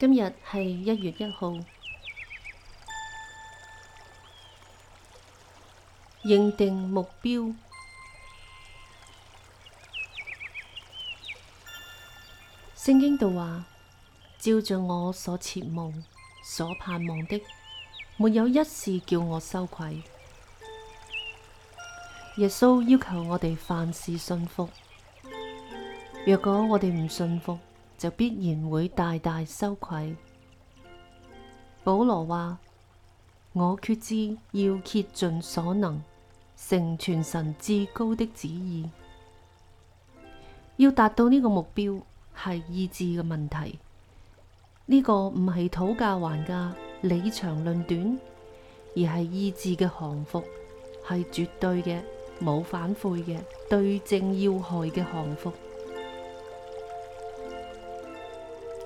今日係一月一號，認定目標。聖經道話：照着我所切慕、所盼望的，沒有一事叫我羞愧。耶穌要求我哋凡事信服，若果我哋唔信服。就必然會大大羞愧。保羅話：我決志要竭盡所能，成全神至高的旨意。要達到呢個目標，係意志嘅問題。呢個唔係討價還價，理長論短，而係意志嘅降服，係絕對嘅冇反悔嘅對正要害嘅降服。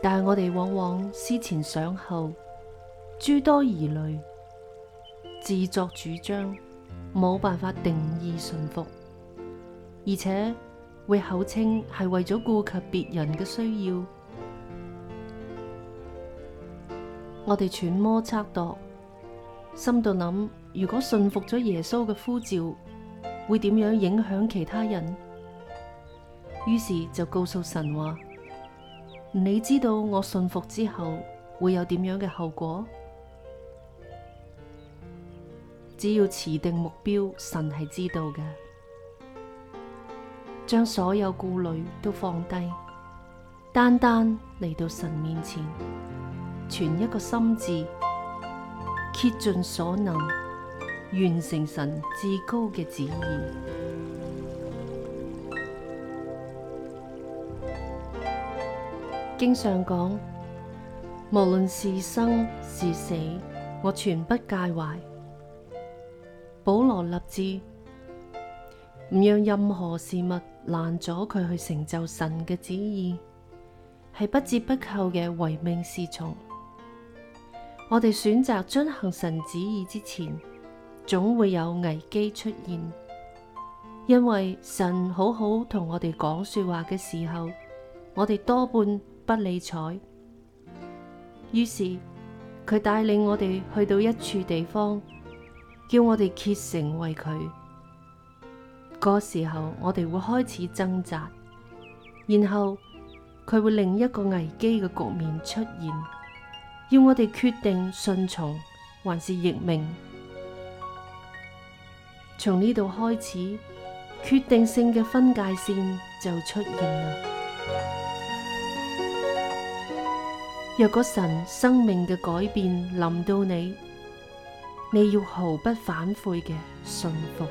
但係我哋往往思前想後，諸多疑慮，自作主張，冇辦法定義順服，而且會口稱係為咗顧及別人嘅需要，我哋揣摩測度，心度諗：如果順服咗耶穌嘅呼召，會點樣影響其他人？於是就告訴神話。你知道我信服之後會有點樣嘅後果？只要持定目標，神係知道嘅。將所有顧慮都放低，單單嚟到神面前，存一個心志，竭盡所能完成神至高嘅旨意。經常講，無論是生是死，我全不介懷。保羅立志唔讓任何事物攔咗佢去成就神嘅旨意，係不折不扣嘅唯命是從。我哋選擇遵行神旨意之前，總會有危機出現，因為神好好同我哋講說話嘅時候，我哋多半。不理睬，於是佢帶領我哋去到一處地方，叫我哋竭誠為佢。嗰時候我哋會開始掙扎，然後佢會另一個危機嘅局面出現，要我哋決定順從還是逆命。從呢度開始，決定性嘅分界線就出現啦。若果神生命嘅改變臨到你，你要毫不反悔嘅信服。